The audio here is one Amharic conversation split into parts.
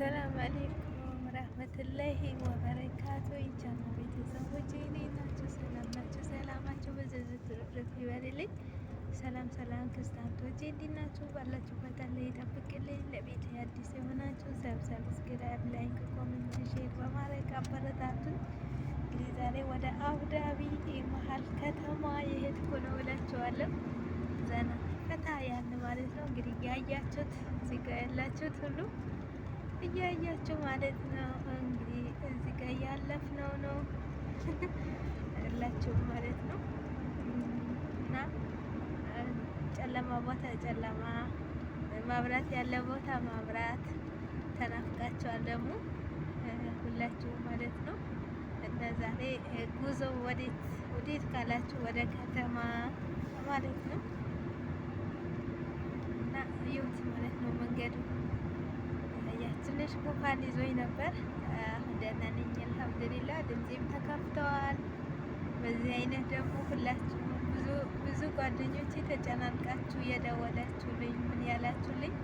ሰላም አሌይኩም ረህመቱላሂ ወበረካቱ ይቻና ቤተሰቦች እንዴት ናቸው? ሰላም ናቸው? ሰላማቸው በዝዝት ርፍርፍ ይበልልኝ። ሰላም ሰላም ክርስቲያኖች እንዴት ናችሁ? ባላችሁበት አላህ ይጠብቅልኝ። ለቤት አዲስ የሆናችሁ ሰብስክራይብ፣ ላይክ፣ ኮሜንት፣ ሼር በማድረግ አበረታቱን። እንግዲህ ዛሬ ወደ አቡዳቢ መሀል ከተማ የሄድኩ ነው እላችኋለሁ። ዘና ፈታ ያለ ማለት ነው እንግዲህ ያያችሁት እዚህ ጋ ያላችሁት ሁሉ እያያቸው ማለት ነው። እንግዲህ እዚህ ጋር ያለፍነው ነው እላቸው ማለት ነው። እና ጨለማ ቦታ ጨለማ፣ ማብራት ያለ ቦታ ማብራት፣ ተናፍቃቸዋል ደግሞ ሁላችሁ ማለት ነው። እና ዛሬ ጉዞ ወዴት ወዴት ካላችሁ ወደ ከተማ ማለት ነው። እና እዩት ማለት ነው መንገዱ ትንሽ ጉንፋን ይዞኝ ነበር። አሁን ደህና ነኝ አልሐምዱሊላህ። ድምፄም ተከፍተዋል። በዚህ አይነት ደግሞ ሁላችሁ ብዙ ጓደኞቼ ተጨናንቃችሁ የደወላችሁልኝ ምን ያላችሁልኝ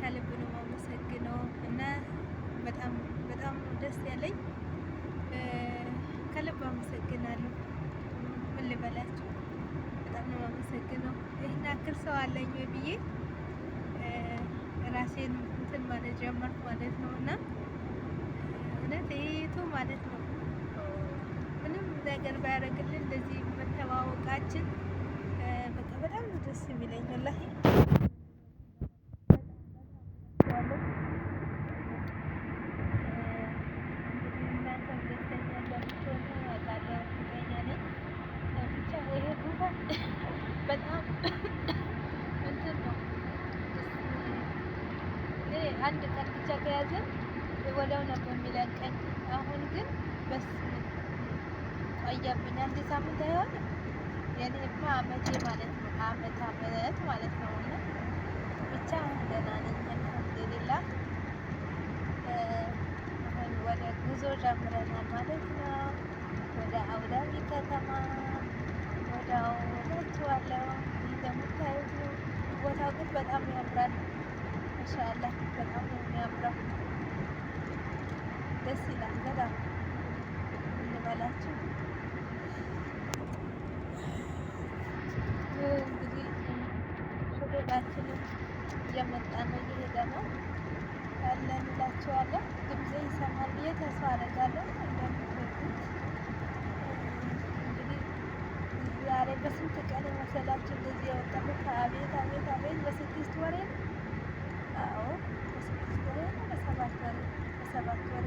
ከልብ ነው የማመሰግነው እና በጣም በጣም ደስ ያለኝ ከልብ አመሰግናለሁ። ምን ልበላችሁ በጣም ነው የማመሰግነው። ይህን አክል ሰው አለኝ ብዬ ራሴን እንትን ማለት ጀመርኩ ማለት ነው። እና እውነት ይቱ ማለት ነው ምንም ነገር ባያደርግልን እንደዚህ መተዋወቃችን በቃ በጣም ደስ የሚለኝ ላይ በጣም ግን ወዲያው ነበር የሚለቀኝ። አሁን ግን በስ ቆየብኝ አንድ ሳምንት አይሆን የኔ እኮ አመቴ ማለት ነው አመት አመት ማለት ነው። እና ብቻ አሁን ደህና ነኝ አልሐምዱሊላህ። አሁን ወደ ጉዞ ጀምረናል ማለት ነው ወደ አቡዳቢ ከተማ ወዳው እላችኋለሁ። እንደምታዩት ቦታው ግን በጣም ያምራል። ማሻአላህ በጣም ነው የሚያምረው። ደስ ይላል። በጣም እንበላችሁ እንግዲህ ሹፌራችንም እየመጣ ነው እየሄደ ነው ያለን እላችኋለሁ። ድምጼ ይሰማል ብዬ ተስፋ አደርጋለሁ። እንግዲህ ዛሬ በስንት ቀን መሰላችሁ እንደዚህ አቤት አቤት አቤት! በስድስት ወሬ ነው። አዎ በስድስት ወሬ ነው። በሰባት ወሬ በሰባት ወሬ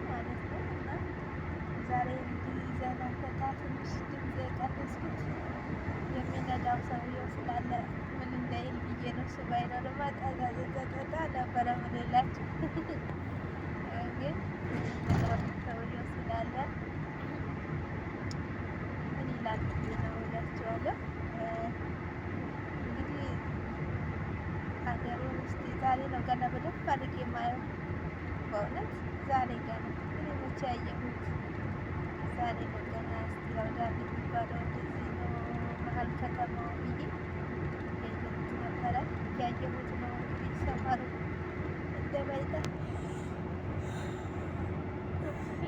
ዛሬ እንግዲህ ዘና ፈታ ትንሽ ድምፅ የቀነስኩት የሚነዳው ሰውዬው ስላለ ምን እንዳይል ብዬ ነው። እሱ ባይኖርማ ጠጣ ነበረ ምንላችሁ ግን ስላለ ምን ይላል ብዬ ነው እንግዲህ ዛሬ ነው ገና በደንብ አድርጌ የማየው በእውነት ዛሬ ገና እኔ ብቻ ዛሬ በገና እስቲ የሚባለው እንደዚህ ነው። መሀል ከተማው ይሄ ያየሁት ነበረ ያየሁት ነው እንግዲህ ሰፈሩ እንደበይታ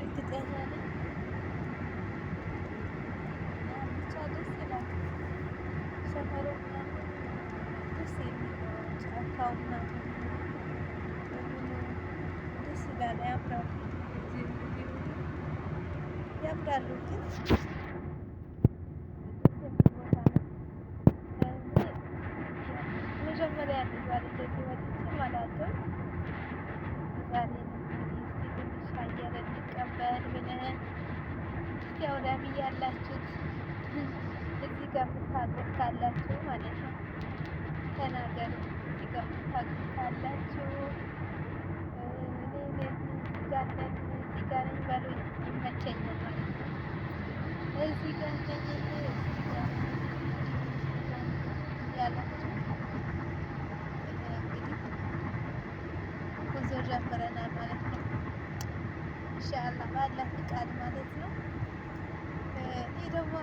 እርግጠኛ ነኝ። ደስ ደስ ይላል ያምራል። ይከብዳሉ ግን መጀመሪያ ያላችሁት እዚህ ጋር የምታውቁት ካላችሁ ማለት ነው ተናገሩ። እዚህ ጋር የምታውቁት ካላችሁ ጋር ይመቸኛል ማለት ነው። እዚህ ጋር ጉዞ ጀምረናል ማለት ነው። ኢንሻአላህ ባላህ ፍቃድ ማለት ነው። ይህ ደግሞ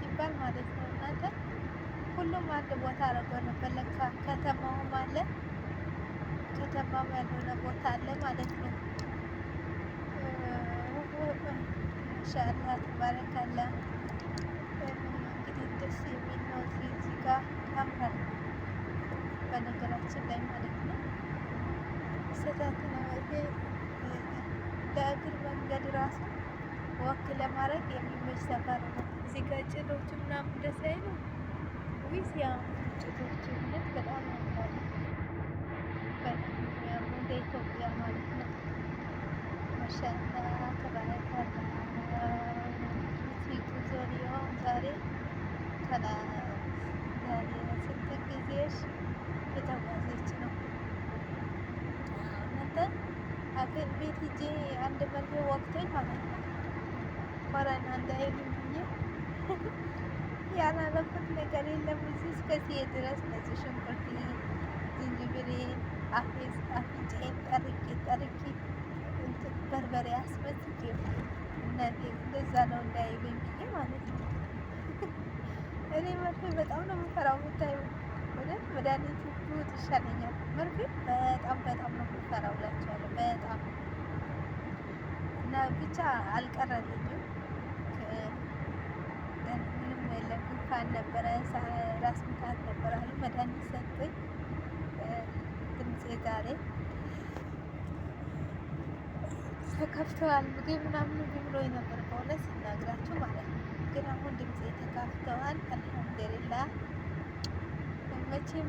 ሲባል ማለት ነው እናንተ ሁሉም አንድ ቦታ አድርጎ ነው በለካ ከተማውም አለ ከተማም ያልሆነ ቦታ አለ ማለት ነው። ማሻአላህ ተባረካላ። እንግዲህ ደስ የሚል ነው። እዚህ ጋር አምራል በነገራችን ላይ ማለት ነው። ስህተት ነው ይሄ ለእግር መንገድ ራሱ ወክ ለማድረግ የሚመች ሰፈር ነው። እዚህ ጋር ጭዶቹ ምናምን ደስ አይሉ ዊዝ ጭዶቹ እውነት በጣም ነው በጣም የሚያምሩ እንደ ኢትዮጵያ ማለት ነው። ማሻአላህ ተባረካላህ። ዞሪዮ ዛሬ ስንት ጊዜሽ የተጓዘች ነው? እናንተ አገር ቤት ሂጄ አንድ መቶ ወቅቶኝ ማለት ነው ኮረና እንዳይሉኝ ያላረኩት ነገር የለም። እዚህ እስከዚህ ድረስ ነጭ ሽንኩርት፣ ዝንጅብል አፍንጫዬን ጠርቄ ጠርቄ በርበሬ አስበልቼ እናቴ እንደዛ ነው እንዳይለኝ ብዬ ማለት ነው። እኔ መርፌ በጣም ነው የምፈራው። ምታዩ ወደት መድኃኒቱ ብውጥ ይሻለኛል። መርፌ በጣም በጣም ነው የምፈራው እላቸዋለሁ። በጣም እና ብቻ አልቀረልኝም። ምንም የለም። ጉንፋን ነበረ፣ ራስ ምታት ነበረ። መድኃኒት ሰጡኝ ድምፄ ዛሬ ተከፍተዋል ምግብ ምናምን ብሎኝ ነበር ከሆነ ስናግራችሁ ማለት ነው። ግን አሁን ድምፅ ተከፍተዋል። አልሐምዱሊላ መቼም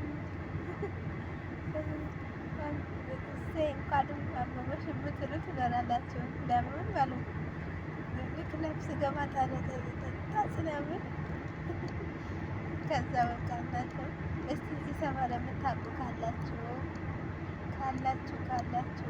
እንኳንም አበበሽ የምትሉ ትበላላችሁ። ለምን ማለት ክለብ ስገባ ታዲያ ተጠጣ ስለምን ከዛ በቃ እናንተ እስቲ እዚህ ሰማ ለምታውቁ ካላችሁ ካላችሁ ካላችሁ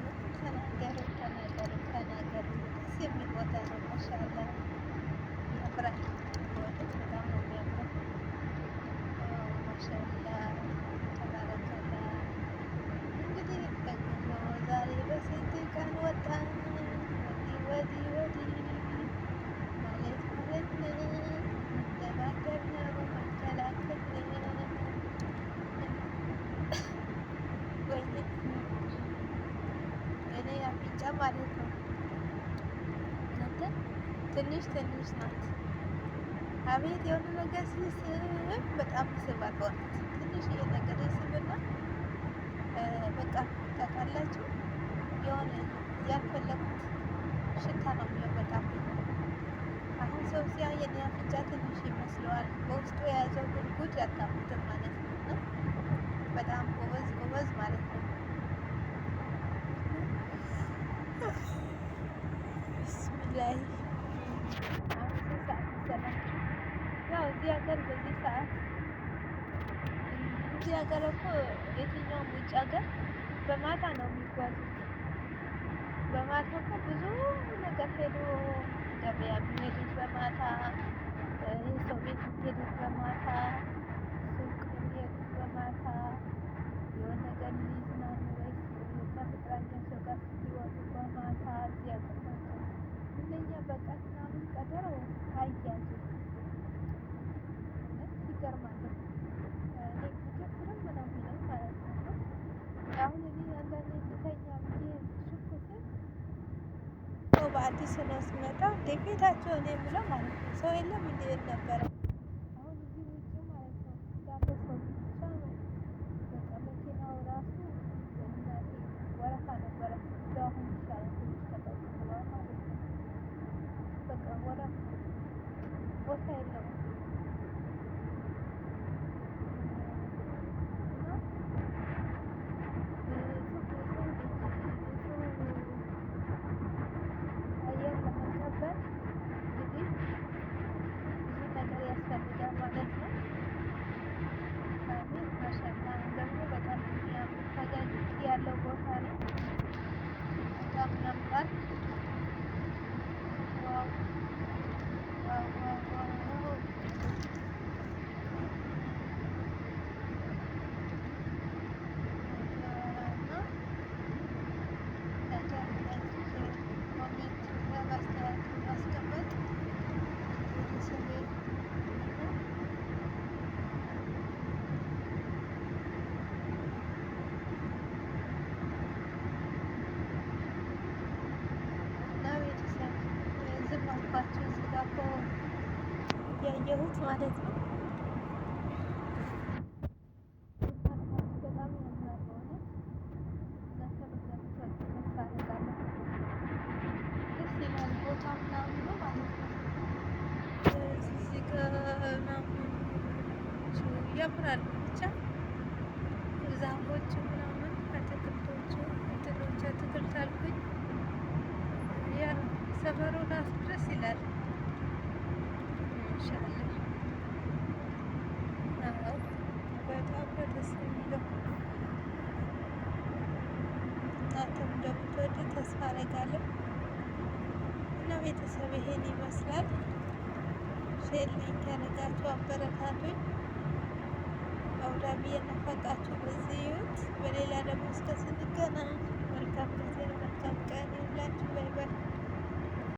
ተናገር ተናገር ተናገር ደስ የሚል ቦታ ነው። ማሻአላ ያምራል። በጣም ነው የሚያምረው ማሻአላ ትንሽ ትንሽ ናት። አቤት የሆነ ነገር ሲስብ በጣም ስባት ሆናት። ትንሽ እየነገረ ስብና በቃ ታውቃላችሁ፣ የሆነ ያልፈለጉት ሽታ ነው የሚወጣው። አሁን ሰው ሲያ የኔ አፍንጫ ትንሽ ይመስለዋል፣ በውስጡ የያዘው ጉድጉድ ያጣሙትም ማለት ነው። በጣም ጎበዝ ጎበዝ ማለት ነው። እዚህ ሀገር በዚህ ሰዓት እዚህ ሀገር እኮ የትኛውም ውጭ ሀገር በማታ ነው የሚጓዙት። በማታ እኮ ብዙ ነገር ሄዶ ገበያ የሚሄዱት በማታ፣ የሰው ቤት የሚሄዱት በማታ በአዲስ ስለ ስመጣ ደቤታቸውን የምለው ማለት ነው። ሰው የለም እንደ ነበረው ማለት ነው። ያምራል ብቻ ዛፎቹ ምናምን አትክልቶቹ እንትኖች አትክልት አልኩኝ ያ ሰፈሩ ራሱ ድረስ ይላል። ነበር ደስ የሚለው። እናንተም እንደምትወዱ ተስፋ አደርጋለሁ እና ቤተሰብ ይሄን ይመስላል። ሼር ላይክ ያደረጋችሁ አበረታቱኝ። አውዳሚ የናፈቃችሁ በዚህ ይሁት። በሌላ ደግሞ እስከ ስንገናኝ መልካም ጊዜ፣ መልካም ቀን ይሁንላችሁ። ባይ ባይ